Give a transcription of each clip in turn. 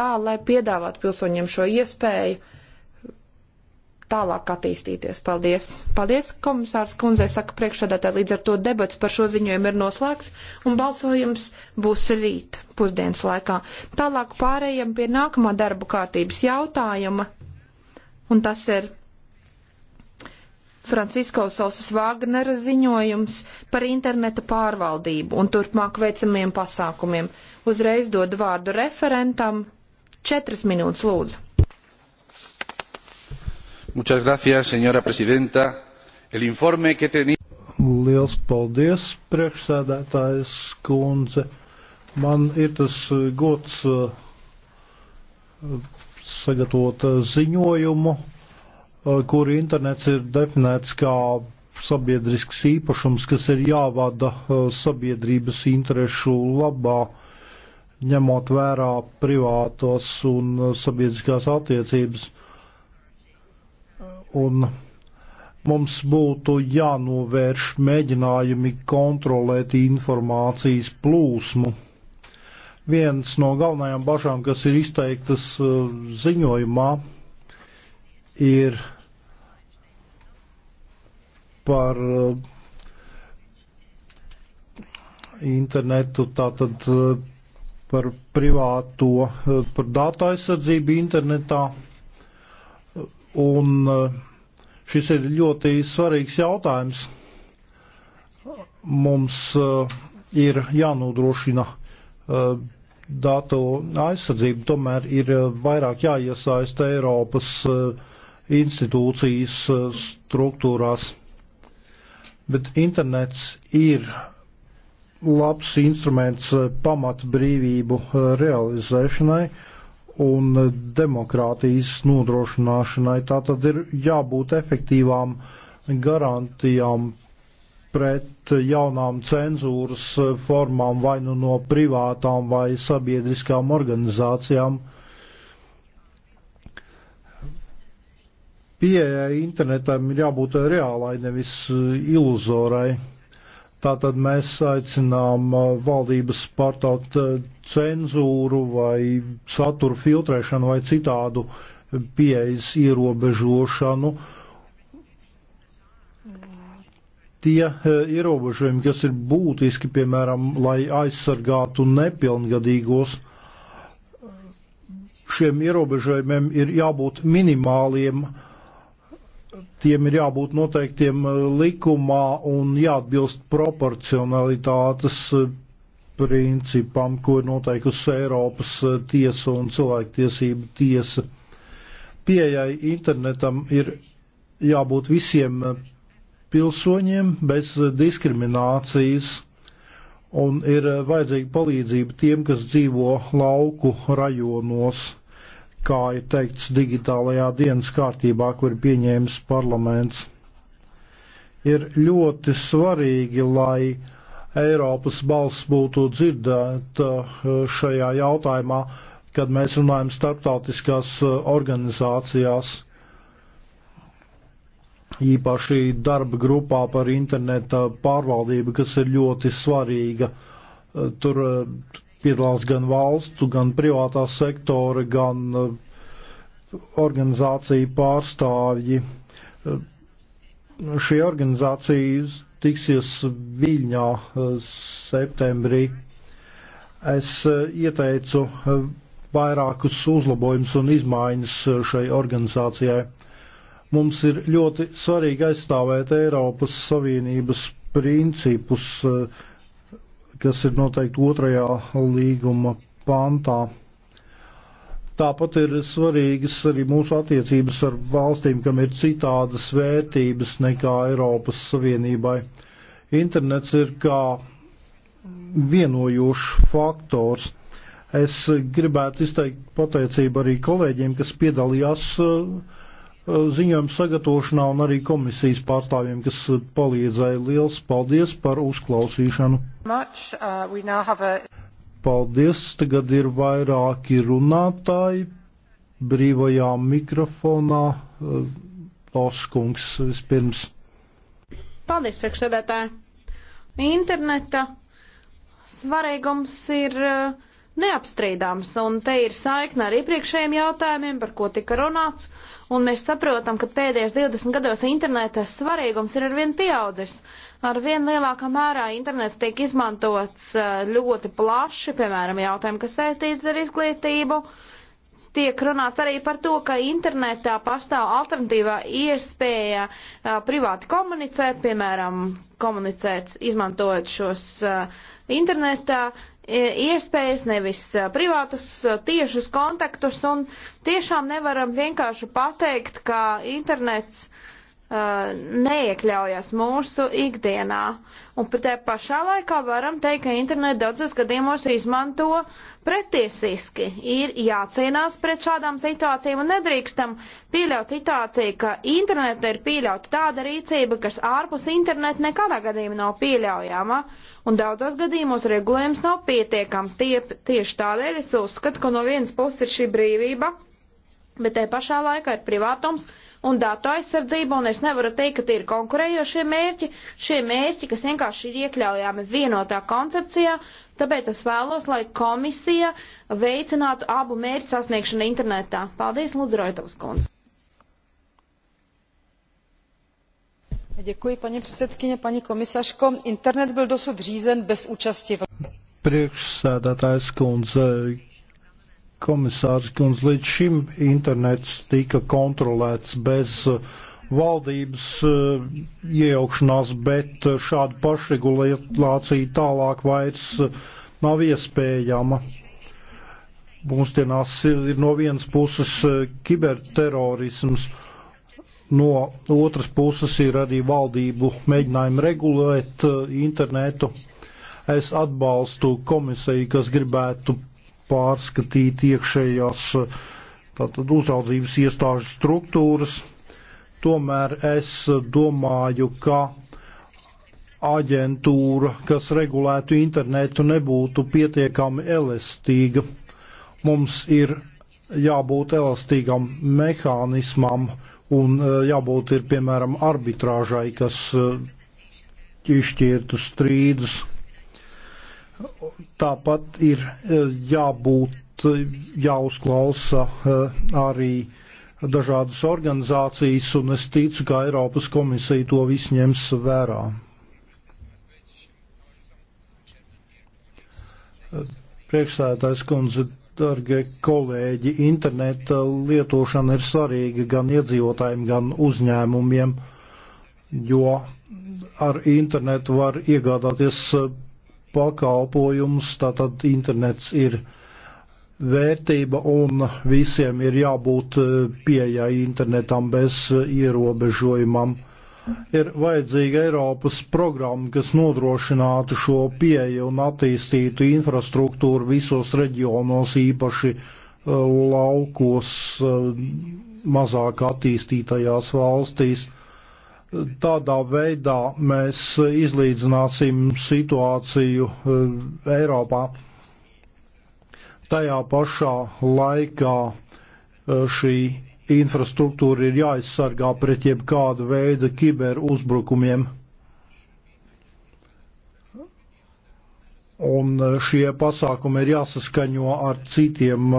tā, lai piedāvātu pilsoņiem šo iespēju tālāk attīstīties. Paldies! Paldies, komisārs kundzei, saka priekšsēdētāji, līdz ar to debats par šo ziņojumu ir noslēgts, un balsojums būs rīt pusdienas laikā. Tālāk pārējiem pie nākamā darbu kārtības jautājuma, un tas ir Francisko Sausas Vāgnera ziņojums par interneta pārvaldību un turpmāk veicamiem pasākumiem. Uzreiz dod vārdu referentam Četras minūtes lūdzu. Muchas gracias, señora presidenta. El informe que tenía. Liels paldies, priekšsēdētājs kundze. Man ir tas eh, gods eh, sagatavot eh, ziņojumu, kur internets ir definēts kā sabiedrisks īpašums, kas ir jāvada sabiedrības interešu labā ņemot vērā privātos un sabiedriskās attiecības. Un mums būtu jānovērš mēģinājumi kontrolēt informācijas plūsmu. Viens no galvenajām bažām, kas ir izteiktas uh, ziņojumā, ir par uh, internetu, tātad uh, par privāto, eh, par datu aizsardzību internetā. Un eh, šis ir ļoti svarīgs jautājums. Mums eh, ir jānodrošina datu aizsardzību, tomēr ir vairāk jāiesaista Eiropas institūcijas struktūrās. Bet internets ir labs instruments eh, pamata brīvību eh, realizēšanai un eh, demokrātijas nodrošināšanai. Tā tad ir jābūt efektīvām garantijām pret jaunām cenzūras formām vai nu no privātām vai sabiedriskām organizācijām. Pieejai internetam ir jābūt reālai, nevis iluzorai. Tātad mēs aicinām uh, valdības pārtraukt uh, cenzūru vai satura filtrēšanu vai citādu pieejas ierobežošanu. Tie uh, ierobežojumi, kas ir būtiski, piemēram, lai aizsargātu nepilngadīgos, šiem ierobežojumiem ir jābūt minimāliem uh, tiem ir jābūt noteiktiem eh, likumā un jāatbilst proporcionalitātes eh, principam, ko ir noteikusi Eiropas eh, tiesa un cilvēktiesība tiesa. Pieejai internetam ir jābūt visiem pilsoņiem bez diskriminācijas un ir vajadzīga palīdzība tiem, kas dzīvo lauku rajonos kā ir teikts digitālajā dienas kārtībā, kur pieņēmis parlaments. Ir ļoti svarīgi, lai Eiropas balss būtu dzirdēta uh, šajā jautājumā, kad mēs runājam starptautiskās uh, organizācijās, īpaši darba grupā par interneta pārvaldību, kas ir ļoti svarīga. Uh, tur piedalās gan valstu, gan privātā sektora, gan eh, organizāciju pārstāvji. Eh, šī organizācija tiksies Viļņā eh, septembrī. Es ieteicu vairākus uzlabojumus un izmaiņas šai organizācijai. Mums ir ļoti svarīgi aizstāvēt Eiropas Savienības principus uh, kas ir noteikti otrajā līguma pantā. Tāpat ir svarīgas arī mūsu attiecības ar valstīm, kam ir citādas vērtības nekā Eiropas Savienībai. Internets ir kā vienojošs faktors. Es gribētu izteikt pateicību arī kolēģiem, kas piedalījās uh, ziņojuma sagatavošanā un arī komisijas pārstāvjiem, kas palīdzēja. Liels paldies par uzklausīšanu. Much, uh, a... Paldies, tagad ir vairāki runātāji brīvajā mikrofonā. Uh, Oskungs vispirms. Paldies, priekšsēdētāji. Interneta svarīgums ir uh, neapstrīdams, un te ir saikna ar iepriekšējiem jautājumiem, par ko tika runāts, un mēs saprotam, ka pēdējos 20 gados interneta svarīgums ir arvien pieaudzis. Arvien lielākā mērā internets tiek izmantots eh, ļoti plaši, piemēram, jautājumi, kas saistīti ar izglītību. Tiek runāts arī par to, ka internetā pastāv alternatīvā iespēja eh, privāti komunicēt, piemēram, komunicēt, izmantojot šos eh, internetā iespējas, nevis privātus tiešus kontaktus, un tiešām nevaram vienkārši pateikt, ka internets Uh, neiekļaujas mūsu ikdienā. Un pat te pašā laikā varam teikt, ka internetu daudzos gadījumos izmanto pretiesiski. Ir jācīnās pret šādām situācijām un nedrīkstam pieļaut situāciju, ka interneta ir pieļauta tāda rīcība, kas ārpus interneta nekādā gadījumā nav pieļaujama. Un daudzos gadījumos regulējums nav pietiekams. Tie, tieši tādēļ es uzskatu, ka no vienas puses ir šī brīvība, bet te pašā laikā ir privātums un datu aizsardzība, un es nevaru teikt, ka tie ir konkurējošie mērķi, šie mērķi, kas vienkārši ir iekļaujami vienotā koncepcijā, tāpēc es vēlos, lai komisija veicinātu abu mērķu sasniegšanu internetā. Paldies, Lūdzu, Roitovas kundze. Děkuji, paní předsedkyně, paní komisařko. Internet byl dosud řízen bez účasti. Priekšsēdētājs kundze, komisārs Kunz, līdz šim internets tika kontrolēts bez uh, valdības uh, iejaukšanās, bet uh, šāda pašregulācija tālāk vairs nav iespējama. Mūsdienās ir no vienas puses kiberterorisms, no otras puses ir arī valdību mēģinājumi regulēt internetu. Es atbalstu komisiju, kas gribētu pārskatīt iekšējās tātad uzraudzības iestāžu struktūras. Tomēr es domāju, ka aģentūra, kas regulētu internetu, nebūtu pietiekami elastīga. Mums ir jābūt elastīgam mehānismam un e, jābūt ir, piemēram, arbitrāžai, kas e, izšķirtu strīdus Tāpat ir e, jābūt, e, jāuzklausa e, arī dažādas organizācijas, un es ticu, ka Eiropas komisija to visu ņems vērā. Priekšsēdētājs kundze, dargie kolēģi, interneta lietošana ir svarīga gan iedzīvotājiem, gan uzņēmumiem, jo ar internetu var iegādāties pakalpojumus, tātad internets ir vērtība un visiem ir jābūt eh, pieejai internetam bez eh, ierobežojumam. Ir vajadzīga Eiropas programma, kas nodrošinātu šo pieeju un attīstītu infrastruktūru visos reģionos, īpaši eh, laukos, mazāk attīstītajās valstīs. Tādā veidā mēs izlīdzināsim situāciju eh, Eiropā. Tajā pašā laikā eh, šī infrastruktūra ir jāaizsargā pret jebkādu veidu kiberuzbrukumiem. Un eh, šie pasākumi ir jāsaskaņo ar citiem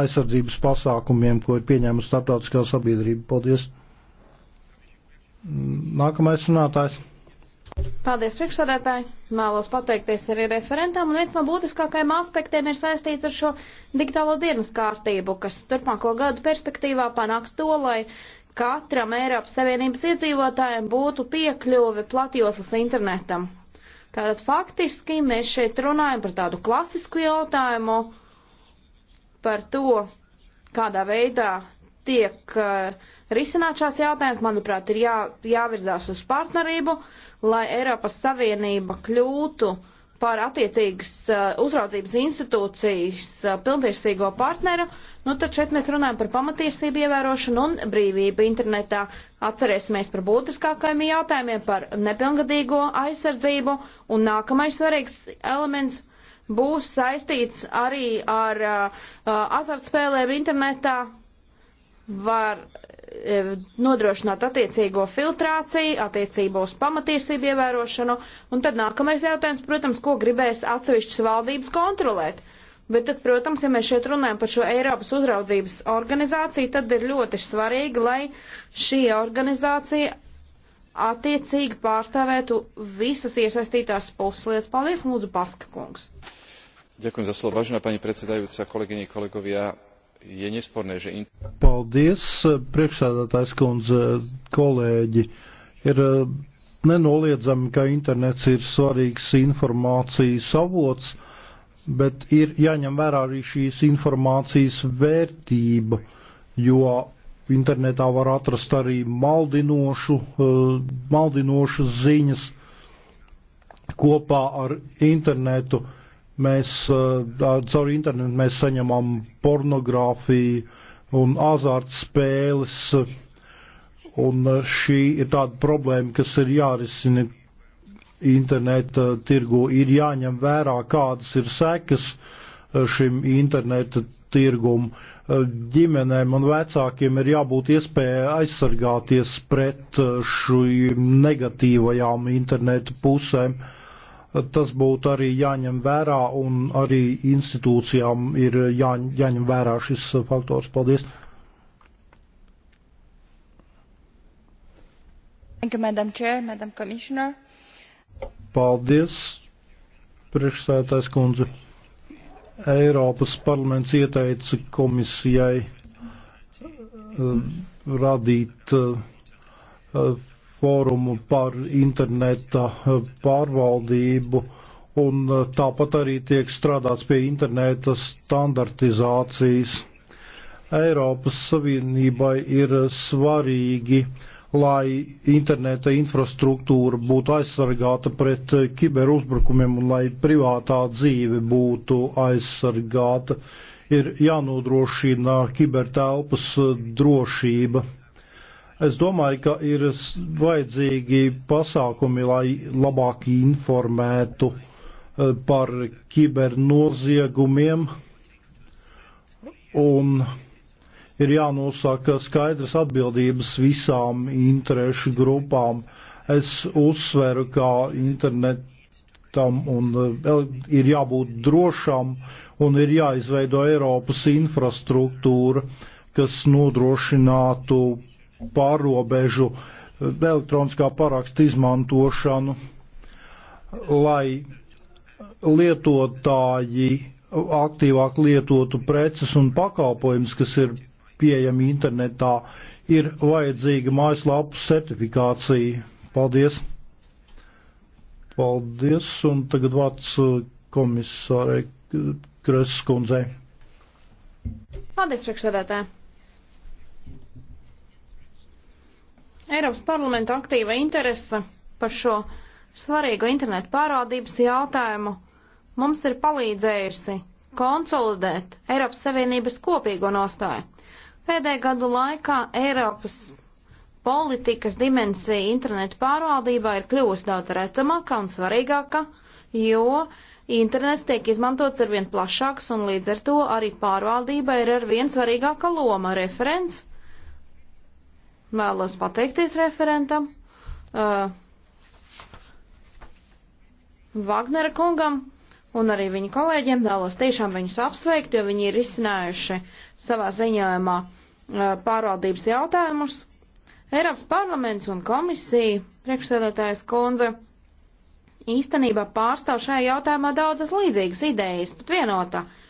aizsardzības pasākumiem, ko ir pieņēmusi starptautiskā sabiedrība. Paldies! Nākamais runātājs. Paldies, priekšsādātāji! Mēlos pateikties arī referentam, un viens no būtiskākajiem aspektiem ir saistīts ar šo digitālo dienas kārtību, kas turpmāko gadu perspektīvā panāks to, lai katram Eiropas Savienības iedzīvotājiem būtu piekļuve platjoslas internetam. Tātad faktiski mēs šeit runājam par tādu klasisku jautājumu, par to, kādā veidā tiek uh, risināt šās jautājumas, manuprāt, ir jā, jāvirzās uz partnerību, lai Eiropas Savienība kļūtu par attiecīgas uh, uzraudzības institūcijas uh, pilntiesīgo partneru. Nu, tad šeit mēs runājam par pamatiesību ievērošanu un brīvību internetā. Atcerēsimies par būtiskākajiem jautājumiem, par nepilngadīgo aizsardzību. Un nākamais svarīgs elements būs saistīts arī ar uh, uh azartspēlēm internetā, var Eh, nodrošināt attiecīgo filtrāciju, attiecībā uz pamatiesību ievērošanu, un tad nākamais jautājums, protams, ko gribēs atsevišķas valdības kontrolēt. Bet tad, protams, ja mēs šeit runājam par šo Eiropas uzraudzības organizāciju, tad ir ļoti svarīgi, lai šī organizācija attiecīgi pārstāvētu visas iesaistītās puslietas. Paldies, lūdzu, Paska kungs. Ďakujem za slovo, vážená pani predsedajúca, kolegyne, kolegovia je nesporné, že... In... Paldies, priekšsēdētājs kundze, kolēģi. Ir eh, nenoliedzami, ka internets ir svarīgs informācijas avots, bet ir jāņem vērā arī šīs informācijas vērtība, jo internetā var atrast arī maldinošu, eh, maldinošas ziņas kopā ar internetu Mēs uh, caur internetu mēs saņemam pornogrāfiju un azartspēles, un šī ir tāda problēma, kas ir jārisina interneta tirgu. Ir jāņem vērā, kādas ir sekas šim interneta tirgumu. Ģimenēm un vecākiem ir jābūt iespēja aizsargāties pret šīm negatīvajām internetu pusēm. Uh, tas būtu arī jāņem vērā un arī institūcijām ir jā, jāņem vērā šis faktors. Paldies! You, Madam Chair, Madam Commissioner. Paldies, priekšsētājs kundze. Eiropas parlaments ieteica komisijai uh, radīt uh, fórumu par interneta eh, pārvaldību, un eh, tāpat arī tiek strādāts pie interneta standartizācijas. Eiropas Savienībai ir svarīgi, lai interneta infrastruktūra būtu aizsargāta pret kiberuzbrukumiem un lai privātā dzīve būtu aizsargāta. Ir jānodrošina kibertelpas eh, drošība Es domāju, ka ir vajadzīgi pasākumi, lai labāk informētu e, par kibernoziegumiem un ir jānosaka skaidrs atbildības visām interešu grupām. Es uzsveru, ka internetam un, e, ir jābūt drošam un ir jāizveido Eiropas infrastruktūra, kas nodrošinātu pārobežu eh, elektroniskā parakstu izmantošanu, lai lietotāji aktīvāk lietotu preces un pakalpojumus, kas ir pieejami internetā, ir vajadzīga mājaslapu certifikācija. Paldies! Paldies! Un tagad vārds eh, komisārai eh, Kreskundzei. Paldies, priekšsēdētāji! Eiropas parlamenta aktīva interese par šo svarīgo internetu pārādības jautājumu mums ir palīdzējusi konsolidēt Eiropas Savienības kopīgo nostāju. Pēdējā gadu laikā Eiropas politikas dimensija internetu pārvaldībā ir kļuvusi daudz redzamāka un svarīgāka, jo internets tiek izmantots arvien plašāks un līdz ar to arī pārvaldība ir arvien svarīgāka loma. Referents Vēlos pateikties referentam, uh, Vagnera kungam un arī viņa kolēģiem. Vēlos tiešām viņus apsveikt, jo viņi ir izcinājuši savā ziņojumā uh, pārvaldības jautājumus. Eiropas parlaments un komisija, priekšsēdētājs kundze, īstenībā pārstāv šajā jautājumā daudzas līdzīgas idejas, pat vienotā. Uh,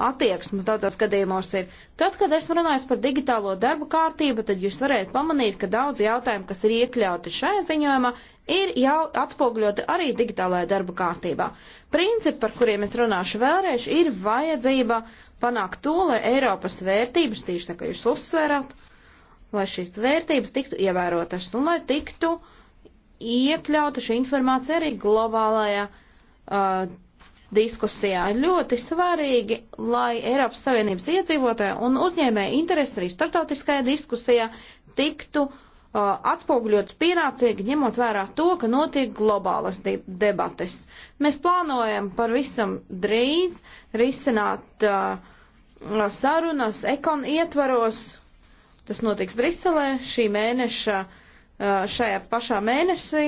attieksmes daudzos gadījumos ir. Tad, kad esmu runājis par digitālo darbu kārtību, tad jūs varētu pamanīt, ka daudz jautājumu, kas ir iekļauti šajā ziņojumā, ir jau atspoguļoti arī digitālajā darbu kārtībā. Principi, par kuriem es runāšu vēlreiz, ir vajadzība panākt to, lai Eiropas vērtības, tieši tā kā jūs uzsverat, lai šīs vērtības tiktu ievērotas un lai tiktu iekļauta šī informācija arī globālajā uh, diskusijā. Ļoti svarīgi, lai Eiropas Savienības iedzīvotāji un uzņēmēji interesi arī starptautiskajā diskusijā tiktu uh, atspoguļots pienācīgi, ņemot vērā to, ka notiek globālas de debates. Mēs plānojam pavisam drīz risināt uh, sarunas ekon ietvaros. Tas notiks Briselē šī mēneša, uh, šajā pašā mēnesī,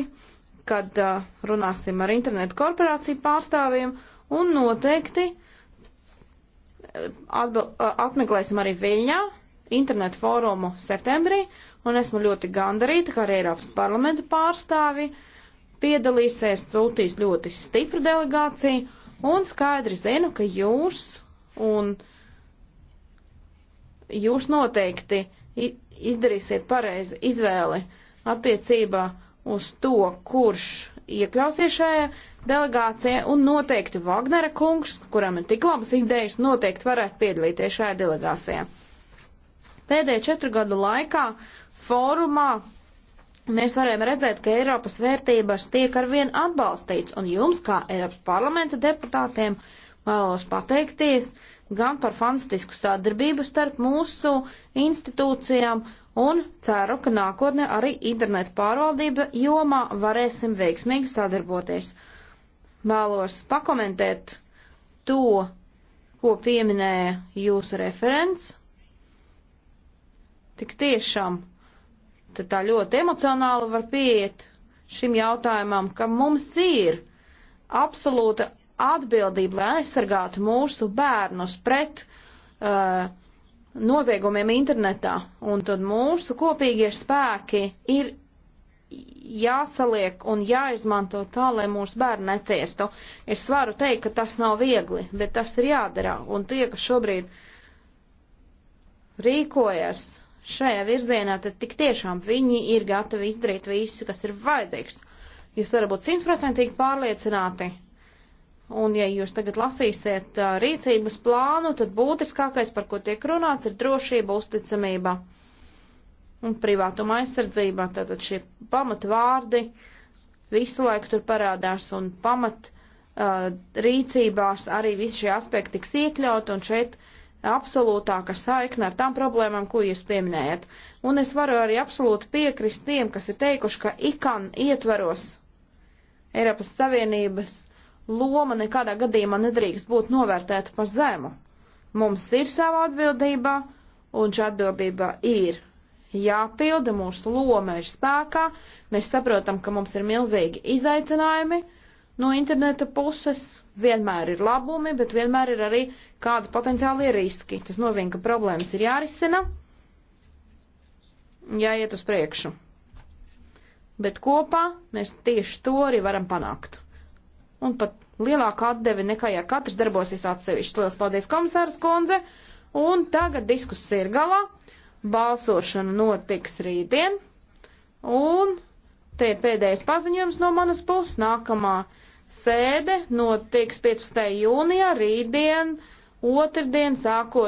kad uh, runāsim ar internetu korporāciju pārstāvjiem un noteikti eh, atbil, eh, atmeklēsim arī Viļņā internetu fórumu septembrī, un esmu ļoti gandarīta, ka arī Eiropas parlamenta pārstāvi piedalīsies, sūtīs ļoti stipru delegāciju, un skaidri zinu, ka jūs un jūs noteikti izdarīsiet pareizi izvēli attiecībā uz to, kurš iekļausies šajā delegācija un noteikti Vagnera kungs, kuram ir tik labas idejas, noteikti varētu piedalīties šajā delegācijā. Pēdējo četru gadu laikā fórumā mēs varējām redzēt, ka Eiropas vērtības tiek arvien atbalstīts, un jums, kā Eiropas parlamenta deputātiem, vēlos pateikties gan par fantastisku sadarbību starp mūsu institūcijām, un ceru, ka nākotnē arī internetu pārvaldība jomā varēsim veiksmīgi sadarboties vēlos pakomentēt to, ko pieminēja jūsu referents. Tik tiešām tā ļoti emocionāli var pieiet šim jautājumam, ka mums ir absolūta atbildība, lai aizsargātu mūsu bērnus pret uh, noziegumiem internetā. Un tad mūsu kopīgie spēki ir jāsaliek un jāizmanto tā, lai mūsu bērni neciestu. Es varu teikt, ka tas nav viegli, bet tas ir jādara. Un tie, kas šobrīd rīkojas šajā virzienā, tad tik tiešām viņi ir gatavi izdarīt visu, kas ir vajadzīgs. Jūs varat būt simtprocentīgi pārliecināti. Un ja jūs tagad lasīsiet rīcības plānu, tad būtiskākais, par ko tiek runāts, ir drošība, uzticamība un privātuma aizsardzībā. Tātad šie pamatvārdi visu laiku tur parādās un pamat uh, rīcībās arī visi šie aspekti tiks iekļaut un šeit absolūtāka saikna ar tām problēmām, ko jūs pieminējat. Un es varu arī absolūti piekrist tiem, kas ir teikuši, ka ikan ietveros Eiropas Savienības loma nekādā gadījumā nedrīkst būt novērtēta pa zemu. Mums ir sava atbildība, un šī atbildība ir jāpilda mūsu loma ir spēkā. Mēs saprotam, ka mums ir milzīgi izaicinājumi no interneta puses. Vienmēr ir labumi, bet vienmēr ir arī kādi potenciāli riski. Tas nozīmē, ka problēmas ir jārisina, jāiet uz priekšu. Bet kopā mēs tieši to arī varam panākt. Un pat lielāka atdevi nekā, ja katrs darbosies atsevišķi. Lielas paldies, komisārs Konze! Un tagad diskusija ir galā. Balsošana notiks rītdien, un te ir pēdējais paziņojums no manas puses. Nākamā sēde notiks 15. jūnijā, rītdien, otrdien sākot.